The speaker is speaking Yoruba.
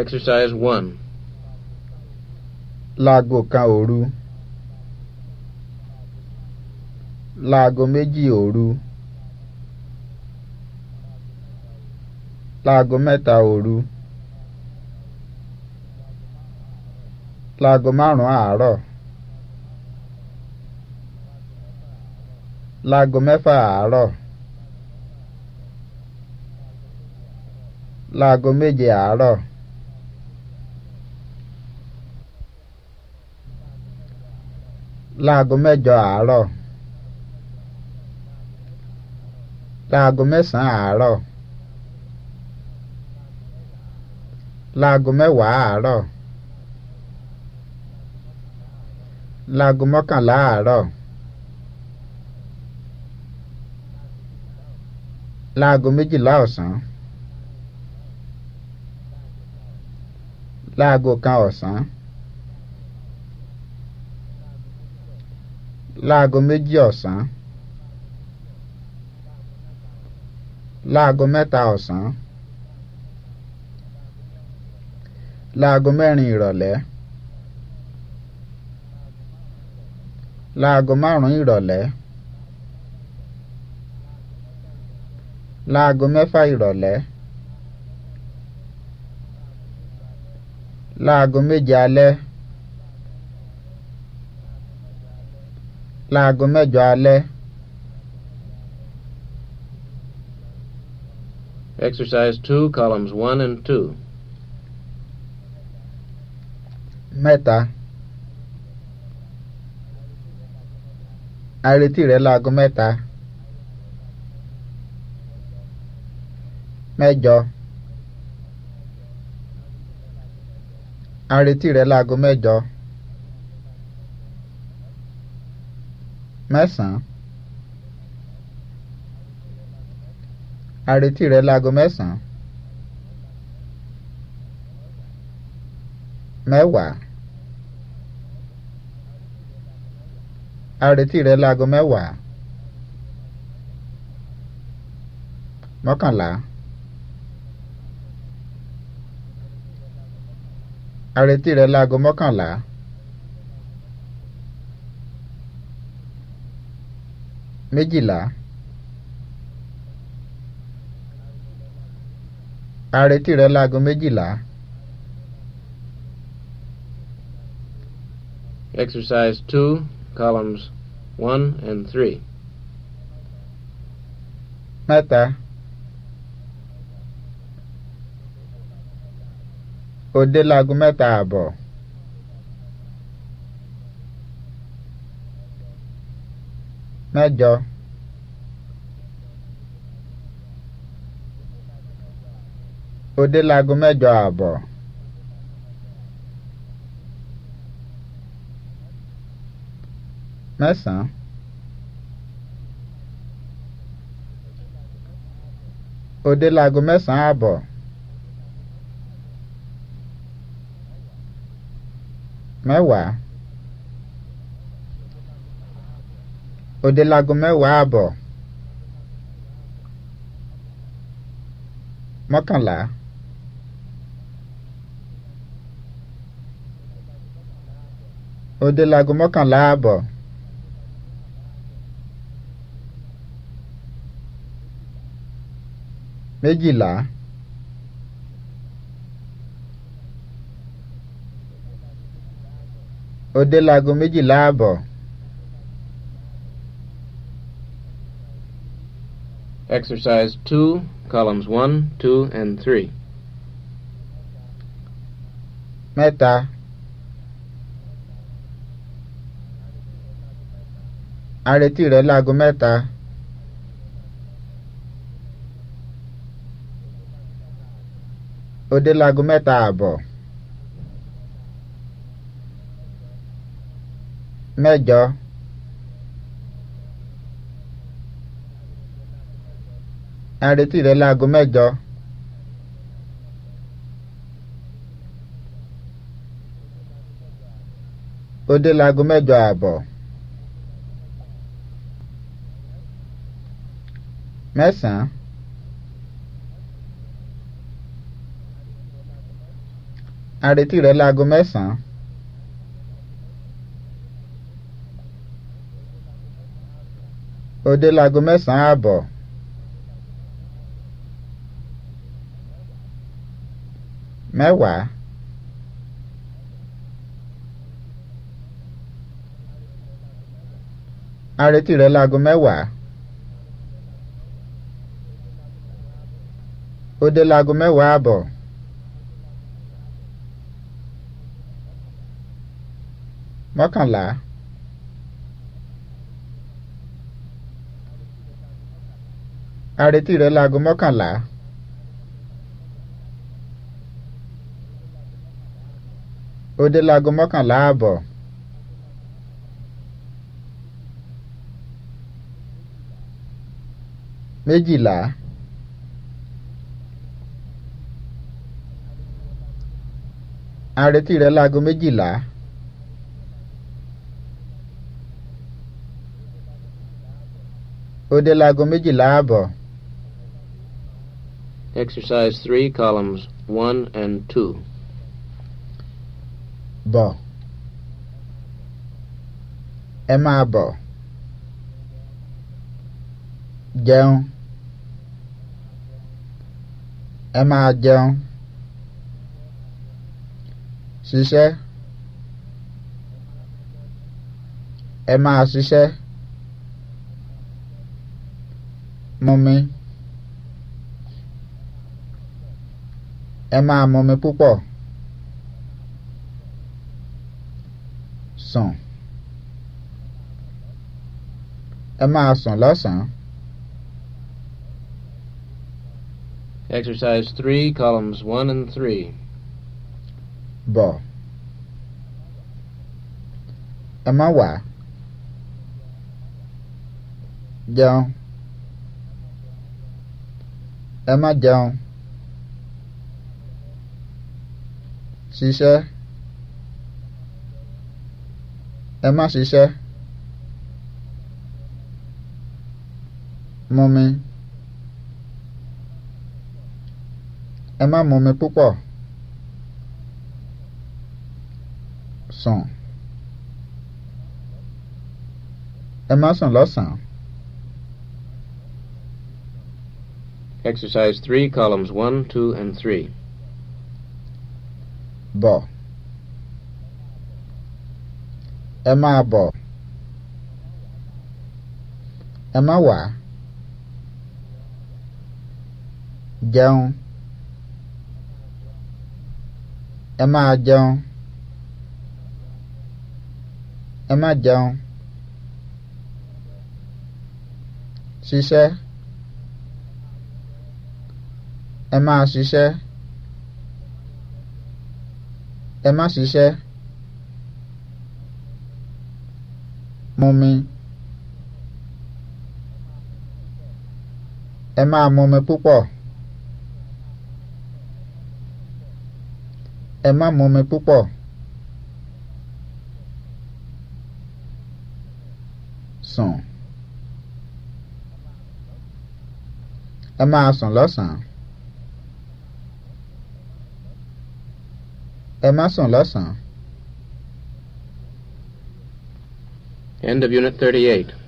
Exercise one. Láago kan òru. Láago méjì òru. Láago mẹ́ta òru. Láago márùn-ún àárọ̀. Láago mẹ́fà àárọ̀. Láago méje àárọ̀. láago mẹ́jọ àárọ̀ láago mẹ́sàn-án àárọ̀ láago mẹ́wàá àárọ̀ láago mọ́kànlá àárọ̀ láago méjìlá ọ̀sán láago kan ọ̀sán. láago méjì ọ̀sán láago mẹ́ta ọ̀sán láago mẹ́rin ìrọ̀lẹ́ láago márùn-ún ìrọ̀lẹ́ láago mẹ́fà ìrọ̀lẹ́ láago méje alẹ́. láago mẹ́jọ alẹ́. Exercise two, columns one and two. Mẹ́ta. A retí rẹ láago mẹ́ta. Mẹ́jọ. A retí rẹ láago mẹ́jọ. mẹ́sàn-án àrètí rẹ̀ láago mẹ́sàn-án mẹ́wàá àrètí rẹ̀ láago mẹ́wàá mọ́kànlá àrètí rẹ̀ láago mọ́kànlá. méjìlá a retí rẹ láago méjìlá. Exercise two, columns one and three. Mẹ́ta. Òde láago mẹ́ta àbọ̀. mẹ́jọ ó dé láago mẹ́jọ ààbọ̀ mẹ́sàn-án ó dé láago mẹ́sàn-án òde lago mẹ́wàá àbọ̀ mọ́kànlá òde lago mọ́kànlá àbọ̀ méjìlá òde lago méjìlá àbọ̀. Exercise 2, columns 1, 2, and 3. Meta. Areti re lago meta. Ode lago meta abo. Major. A ń retí rẹ láago mẹ́jọ. ó dé láago mẹ́jọ ààbọ̀. mẹ́sàn-án. à ń retí rẹ láago mẹ́sàn-án. ó dé láago án ààbọ̀. mẹ́wàá a retí rẹ láago mẹ́wàá ó dé láago mẹ́wàá àbọ̀. mọ́kànlá a retí rẹ láago mọ́kànlá. ó dé láago mọ́kànlá ààbọ̀. méjìlá a rẹ láago méjìlá ó dé láago méjìlá ààbọ̀. Exercise three columns one and two. bọ̀ ẹ máa bọ̀ jẹun ẹ máa jẹun ṣiṣẹ́ ẹ máa ṣiṣẹ́ mumi ẹ mumi púpọ̀. sùn ẹ máa Exercise 3, columns 1 and 3. Bọ̀. Ẹ má wà. Jẹun. Ẹ má jẹun. Ṣiṣẹ́. ẹ má ṣiṣẹ́ mumi ẹ má mumi song. sun sùn Exercise 3, columns 1, 2, and 3. Bọ̀. ɛma abɔ ɛma wa jẹun ẹ máa jẹun ẹ má jẹun ṣiṣẹ́ ẹ máa ṣiṣẹ́ ẹ má ṣiṣẹ́. mumi ẹ máa mumi púpọ̀ ẹ má mumi púpọ̀ sùn ẹ máa sùn lọ́sàn-án ẹ má sùn lọ́sàn-án. End of Unit 38.